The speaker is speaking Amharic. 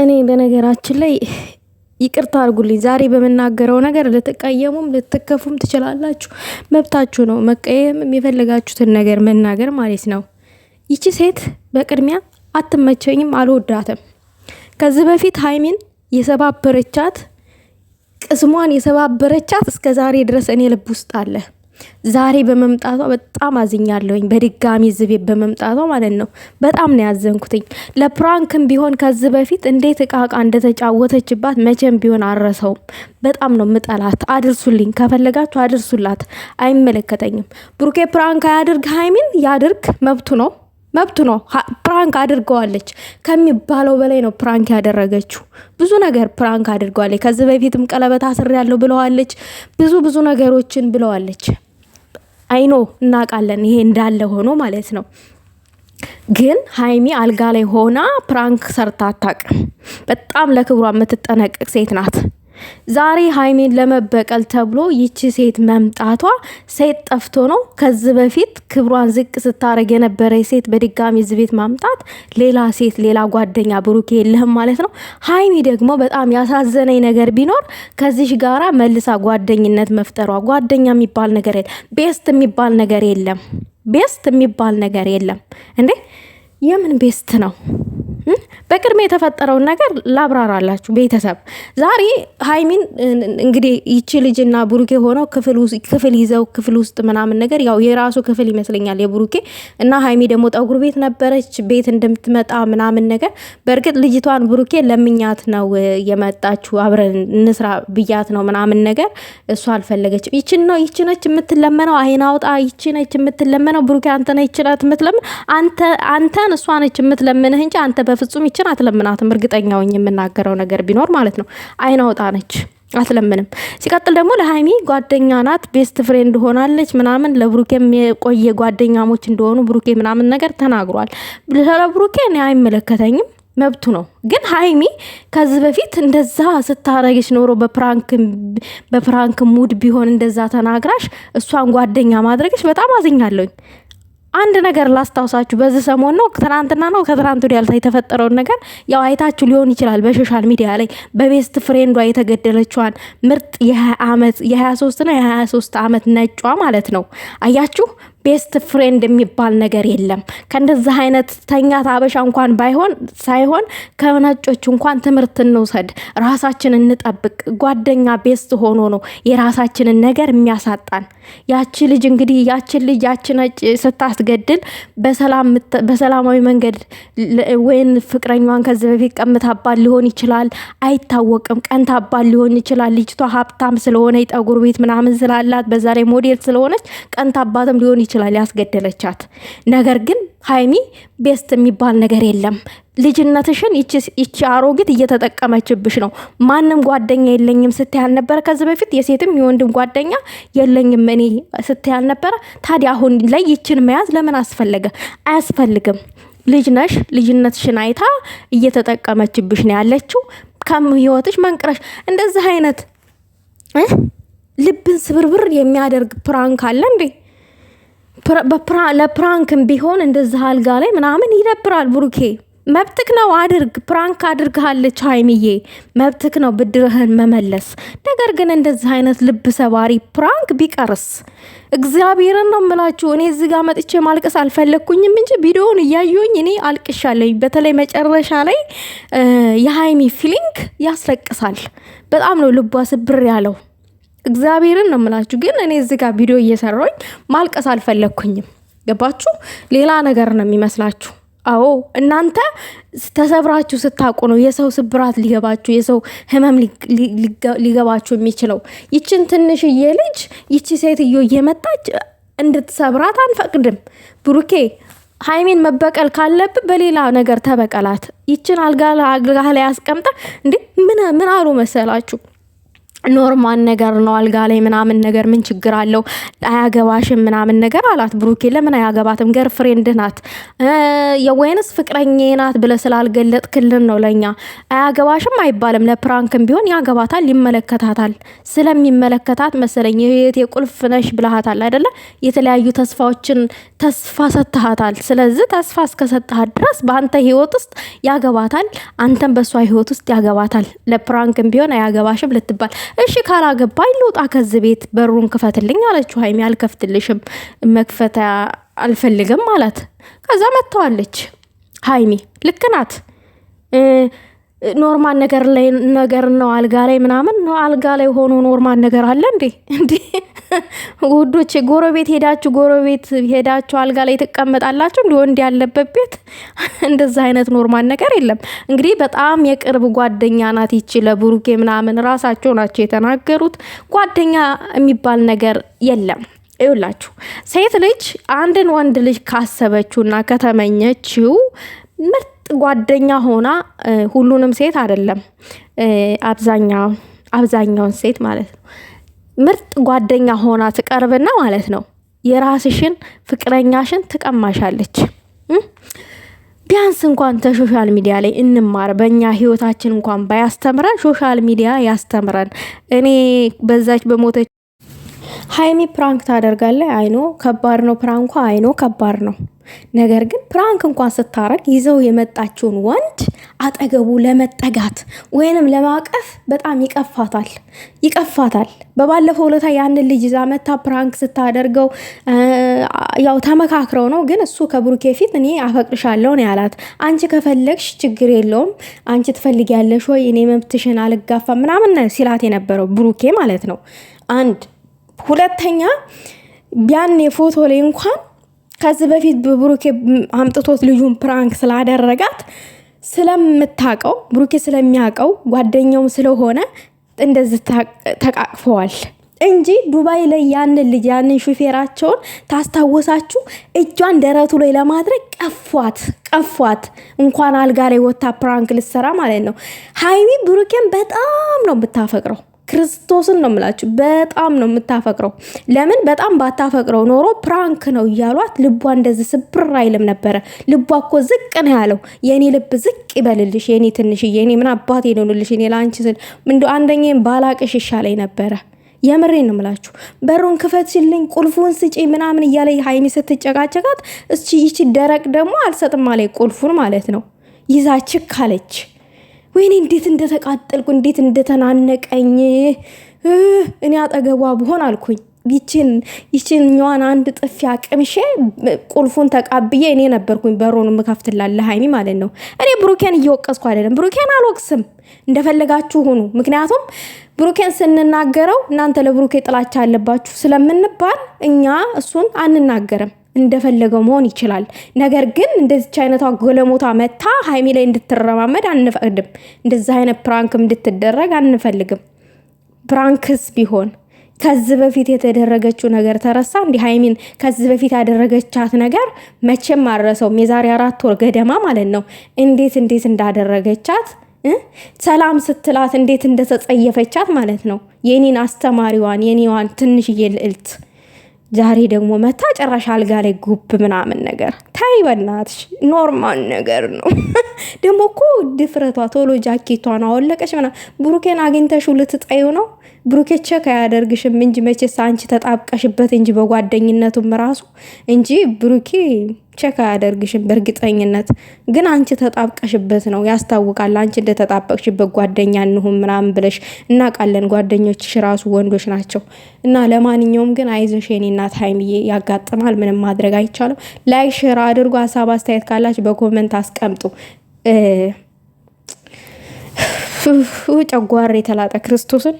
እኔ በነገራችን ላይ ይቅርታ አርጉልኝ ዛሬ በምናገረው ነገር ልትቀየሙም ልትከፉም ትችላላችሁ። መብታችሁ ነው፣ መቀየም የፈለጋችሁትን ነገር መናገር ማለት ነው። ይቺ ሴት በቅድሚያ አትመቸኝም፣ አልወዳትም። ከዚህ በፊት ሀይሚን የሰባበረቻት ቅስሟን የሰባበረቻት እስከ ዛሬ ድረስ እኔ ልብ ውስጥ አለ። ዛሬ በመምጣቷ በጣም አዝኛለሁኝ። በድጋሚ ዝቤ በመምጣቷ ማለት ነው በጣም ነው ያዘንኩትኝ። ለፕራንክም ቢሆን ከዚህ በፊት እንዴት እቃቃ እንደተጫወተችባት መቼም ቢሆን አረሰውም። በጣም ነው ምጠላት። አድርሱልኝ፣ ከፈለጋችሁ አድርሱላት፣ አይመለከተኝም። ብሩኬ ፕራንክ አያድርግ፣ ሀይሚን ያድርግ፣ መብቱ ነው መብቱ ነው። ፕራንክ አድርገዋለች ከሚባለው በላይ ነው ፕራንክ ያደረገችው። ብዙ ነገር ፕራንክ አድርገዋለች። ከዚህ በፊትም ቀለበት አስሬያለሁ ብለዋለች። ብዙ ብዙ ነገሮችን ብለዋለች። አይኖ እናውቃለን። ይሄ እንዳለ ሆኖ ማለት ነው። ግን ሀይሚ አልጋ ላይ ሆና ፕራንክ ሰርታ አታውቅም። በጣም ለክብሯ የምትጠነቀቅ ሴት ናት። ዛሬ ሀይሜን ለመበቀል ተብሎ ይቺ ሴት መምጣቷ ሴት ጠፍቶ ነው። ከዚህ በፊት ክብሯን ዝቅ ስታደረግ የነበረ ሴት በድጋሚ እዚህ ቤት ማምጣት ሌላ ሴት፣ ሌላ ጓደኛ ብሩኬ የለህም ማለት ነው። ሀይሚ ደግሞ በጣም ያሳዘነኝ ነገር ቢኖር ከዚሽ ጋራ መልሳ ጓደኝነት መፍጠሯ። ጓደኛ የሚባል ነገር የለ፣ ቤስት የሚባል ነገር የለም፣ ቤስት የሚባል ነገር የለም። እንዴ የምን ቤስት ነው? በቅድሜ የተፈጠረውን ነገር ላብራራላችሁ። ቤተሰብ ዛሬ ሀይሚን እንግዲህ ይቺ ልጅና ብሩኬ ሆነው ክፍል ይዘው ክፍል ውስጥ ምናምን ነገር ያው የራሱ ክፍል ይመስለኛል የብሩኬ እና ሀይሚ ደግሞ ጠጉር ቤት ነበረች ቤት እንደምትመጣ ምናምን ነገር። በእርግጥ ልጅቷን ብሩኬ ለምኛት ነው የመጣችሁ አብረን እንስራ ብያት ነው ምናምን ነገር እሷ አልፈለገችም። ይችን ነው ይች ነች የምትለመነው፣ አይናውጣ ይች ነች የምትለመነው። ብሩኬ አንተ ነ ይችላት የምትለምን አንተን እሷ ነች የምትለምንህ እንጂ አንተ በ በፍጹም ይችን አትለምናትም። እርግጠኛውኝ የምናገረው ነገር ቢኖር ማለት ነው አይናውጣ ነች፣ አትለምንም። ሲቀጥል ደግሞ ለሀይሚ ጓደኛ ናት፣ ቤስት ፍሬንድ ሆናለች ምናምን። ለብሩኬም የቆየ ጓደኛሞች እንደሆኑ ብሩኬ ምናምን ነገር ተናግሯል። ለብሩኬ እኔ አይመለከተኝም መብቱ ነው። ግን ሀይሚ ከዚህ በፊት እንደዛ ስታረግሽ ኖሮ በፕራንክ ሙድ ቢሆን እንደዛ ተናግራሽ እሷን ጓደኛ ማድረግሽ በጣም አዝኛለሁኝ። አንድ ነገር ላስታውሳችሁ። በዚህ ሰሞን ነው ትናንትና ነው ከትናንት ወዲያ የተፈጠረውን ነገር ያው አይታችሁ ሊሆን ይችላል። በሶሻል ሚዲያ ላይ በቤስት ፍሬንዷ የተገደለችዋን ምርጥ የ ዓመት 23 ነው የ23 ዓመት ነጯ ማለት ነው አያችሁ ቤስት ፍሬንድ የሚባል ነገር የለም። ከእንደዚህ አይነት ተኛት አበሻ እንኳን ባይሆን ሳይሆን ከነጮች እንኳን ትምህርት እንውሰድ፣ ራሳችን እንጠብቅ። ጓደኛ ቤስት ሆኖ ነው የራሳችንን ነገር የሚያሳጣን። ያቺ ልጅ እንግዲህ ያቺን ልጅ ያቺ ነጭ ስታስገድል በሰላማዊ መንገድ ወይን ፍቅረኛዋን ከዚህ በፊት ቀምታባል ሊሆን ይችላል፣ አይታወቅም። ቀንታባል ሊሆን ይችላል። ልጅቷ ሀብታም ስለሆነ ጠጉር ቤት ምናምን ስላላት በዛ ላይ ሞዴል ስለሆነች ቀንታባትም ሊሆን ይችላል ያስገደለቻት። ነገር ግን ሀይሚ ቤስት የሚባል ነገር የለም። ልጅነትሽን ይቺ አሮጊት እየተጠቀመችብሽ ነው። ማንም ጓደኛ የለኝም ስትያል ነበረ ከዚህ በፊት የሴትም የወንድም ጓደኛ የለኝም እኔ ስትያል ነበረ። ታዲያ አሁን ላይ ይችን መያዝ ለምን አስፈለገ? አያስፈልግም። ልጅ ነሽ። ልጅነትሽን አይታ እየተጠቀመችብሽ ነው ያለችው። ከም ህይወትሽ መንቅረሽ እንደዚህ አይነት ልብን ስብርብር የሚያደርግ ፕራንክ አለ እንዴ? ለፕራንክም ቢሆን እንደዚህ አልጋ ላይ ምናምን ይደብራል። ብሩኬ መብትክ ነው አድርግ። ፕራንክ አድርግሃለች ሀይሚዬ፣ መብትክ ነው ብድርህን መመለስ። ነገር ግን እንደዚህ አይነት ልብ ሰባሪ ፕራንክ ቢቀርስ እግዚአብሔርን ነው የምላችሁ። እኔ እዚህ ጋር መጥቼ ማልቀስ አልፈለግኩኝም እንጂ ቪዲዮውን እያየሁኝ እኔ አልቅሻለኝ። በተለይ መጨረሻ ላይ የሀይሚ ፊሊንግ ያስለቅሳል። በጣም ነው ልቧ ስብር ያለው። እግዚአብሔርን ነው የምላችሁ። ግን እኔ እዚህ ጋር ቪዲዮ እየሰራሁኝ ማልቀስ አልፈለግኩኝም። ገባችሁ? ሌላ ነገር ነው የሚመስላችሁ። አዎ እናንተ ተሰብራችሁ ስታውቁ ነው የሰው ስብራት ሊገባችሁ የሰው ህመም ሊገባችሁ የሚችለው። ይችን ትንሽዬ ልጅ ይቺ ሴትዮ እየመጣች እንድትሰብራት አንፈቅድም። ብሩኬ ሀይሜን መበቀል ካለብ በሌላ ነገር ተበቀላት። ይችን አልጋ ላይ አስቀምጠ እንዴ ምን ምን አሉ መሰላችሁ ኖርማል ነገር ነው አልጋ ላይ ምናምን ነገር ምን ችግር አለው አያገባሽም ምናምን ነገር አላት። ብሩኬ ለምን አያገባትም? ገር ፍሬንድ ናት የወይንስ ፍቅረኛ ናት ብለ ስላልገለጥክልን ነው ለኛ አያገባሽም አይባልም። ለፕራንክም ቢሆን ያገባታል፣ ይመለከታታል። ስለሚመለከታት መሰለኝ የህይወቴ የቁልፍ ነሽ ብለሃታል አይደለ? የተለያዩ ተስፋዎችን ተስፋ ሰጥሃታል። ስለዚህ ተስፋ እስከሰጥሃት ድረስ በአንተ ህይወት ውስጥ ያገባታል፣ አንተም በእሷ ህይወት ውስጥ ያገባታል። ለፕራንክም ቢሆን አያገባሽም ልትባል እሺ ካላገባኝ ልውጣ ከዚህ ቤት በሩን ክፈትልኝ አለችው። ሀይሚ አልከፍትልሽም፣ መክፈት አልፈልግም አላት። ከዛ መጥተዋለች ሀይሚ ልክ ናት። ኖርማል ነገር ላይ ነገር ነው አልጋ ላይ ምናምን ነው። አልጋ ላይ ሆኖ ኖርማል ነገር አለ እንዴ? እንዴ ውዶቼ፣ ጎረቤት ሄዳችሁ ጎረቤት ሄዳችሁ አልጋ ላይ ትቀመጣላችሁ? እንዲ ወንድ ያለበት ቤት እንደዛ አይነት ኖርማል ነገር የለም። እንግዲህ በጣም የቅርብ ጓደኛ ናት ይቺ ለብሩኬ ምናምን፣ ራሳቸው ናቸው የተናገሩት። ጓደኛ የሚባል ነገር የለም። ይውላችሁ ሴት ልጅ አንድን ወንድ ልጅ ካሰበችውና ከተመኘችው ምርት ጓደኛ ሆና ሁሉንም ሴት አይደለም፣ አብዛኛው አብዛኛውን ሴት ማለት ነው። ምርጥ ጓደኛ ሆና ትቀርብና ማለት ነው የራስሽን ፍቅረኛሽን ትቀማሻለች። ቢያንስ እንኳን ተሶሻል ሚዲያ ላይ እንማር። በእኛ ህይወታችን እንኳን ባያስተምረን ሶሻል ሚዲያ ያስተምረን። እኔ በዛች በሞተች ሀይሚ ፕራንክ ታደርጋለ አይኖ ከባድ ነው። ፕራንኳ አይኖ ከባድ ነው። ነገር ግን ፕራንክ እንኳን ስታረግ ይዘው የመጣችውን ወንድ አጠገቡ ለመጠጋት ወይንም ለማቀፍ በጣም ይቀፋታል ይቀፋታል። በባለፈው ለታ ያንን ልጅ ይዛ መታ ፕራንክ ስታደርገው ያው ተመካክረው ነው። ግን እሱ ከብሩኬ ፊት እኔ አፈቅርሻለሁ ነው ያላት። አንቺ ከፈለግሽ ችግር የለውም አንቺ ትፈልጊያለሽ ወይ እኔ መብትሽን አልጋፋ ምናምን ሲላት የነበረው ብሩኬ ማለት ነው። አንድ ሁለተኛ ቢያን የፎቶ ላይ እንኳን ከዚህ በፊት ብሩኬ አምጥቶት ልጁን ፕራንክ ስላደረጋት ስለምታቀው ብሩኬ ስለሚያቀው ጓደኛውም ስለሆነ እንደዚህ ተቃቅፈዋል እንጂ ዱባይ ላይ ያንን ልጅ ያንን ሹፌራቸውን ታስታወሳችሁ? እጇን ደረቱ ላይ ለማድረግ ቀፏት ቀፏት። እንኳን አልጋ ላይ ወታ ፕራንክ ልሰራ ማለት ነው። ሀይሚ ብሩኬን በጣም ነው የምታፈቅረው። ክርስቶስን ነው ምላችሁ፣ በጣም ነው የምታፈቅረው። ለምን በጣም ባታፈቅረው ኖሮ ፕራንክ ነው እያሏት ልቧ እንደዚህ ስብር አይልም ነበረ። ልቧ እኮ ዝቅ ነው ያለው። የእኔ ልብ ዝቅ ይበልልሽ፣ የኔ ትንሽዬ፣ እኔ ምን አባቴ ልሆንልሽ? እኔ ለአንቺ ስል እንደው ባላቅሽ ይሻለኝ ነበረ። የምሬ ነው ምላችሁ። በሩን ሲልኝ ቁልፉን ስጪ ምናምን እያለ ሀይሚ ስትጨቃጨቃት፣ እስቺ ይቺ ደረቅ ደግሞ አልሰጥም አለኝ ቁልፉን ማለት ነው ይዛ አለች። ወይኔ እንዴት እንደተቃጠልኩ እንዴት እንደተናነቀኝ እኔ አጠገቧ ብሆን አልኩኝ። ይችን ይችኛዋን አንድ ጥፊ አቅምሼ ቁልፉን ተቃብዬ እኔ ነበርኩኝ በሮን ምከፍትላት ለሀይሚ ማለት ነው። እኔ ብሩኬን እየወቀስኩ አይደለም፣ ብሩኬን አልወቅስም፣ እንደፈለጋችሁ ሁኑ። ምክንያቱም ብሩኬን ስንናገረው እናንተ ለብሩኬ ጥላቻ አለባችሁ ስለምንባል እኛ እሱን አንናገርም። እንደፈለገው መሆን ይችላል። ነገር ግን እንደዚች አይነቷ ጎለሞታ መታ ሀይሚ ላይ እንድትረማመድ አንፈቅድም። እንደዚህ አይነት ፕራንክም እንድትደረግ አንፈልግም። ፕራንክስ ቢሆን ከዚህ በፊት የተደረገችው ነገር ተረሳ። እንዲህ ሀይሚን ከዚህ በፊት ያደረገቻት ነገር መቼም አልረሰውም። የዛሬ አራት ወር ገደማ ማለት ነው። እንዴት እንዴት እንዳደረገቻት ሰላም ስትላት እንዴት እንደተጸየፈቻት ማለት ነው። የኔን አስተማሪዋን የኔዋን ትንሽዬ ልዕልት ዛሬ ደግሞ መታ ጨራሽ አልጋ ላይ ጉብ ምናምን ነገር ታይ በናትሽ ኖርማል ነገር ነው። ደግሞ እኮ ድፍረቷ ቶሎ ጃኬቷን አወለቀች ና ብሩኬን አግኝተሽ ልትጠዩ ነው? ብሩኬ ቸክ አያደርግሽም እንጂ መቼስ አንቺ ተጣብቀሽበት እንጂ በጓደኝነቱም ራሱ እንጂ ብሩኬ ቸክ አያደርግሽም። በእርግጠኝነት ግን አንቺ ተጣብቀሽበት ነው ያስታውቃል። አንቺ እንደተጣበቅሽበት ጓደኛ እንሁን ምናምን ብለሽ እናውቃለን። ጓደኞችሽ ራሱ ወንዶች ናቸው እና ለማንኛውም ግን አይዞሽ የኔ እናት ሀይሚዬ፣ ያጋጥማል። ምንም ማድረግ አይቻልም ላይ አድርጎ ሀሳብ አስተያየት ካላችሁ በኮመንት አስቀምጡ። ጨጓሬ የተላጠ ክርስቶስን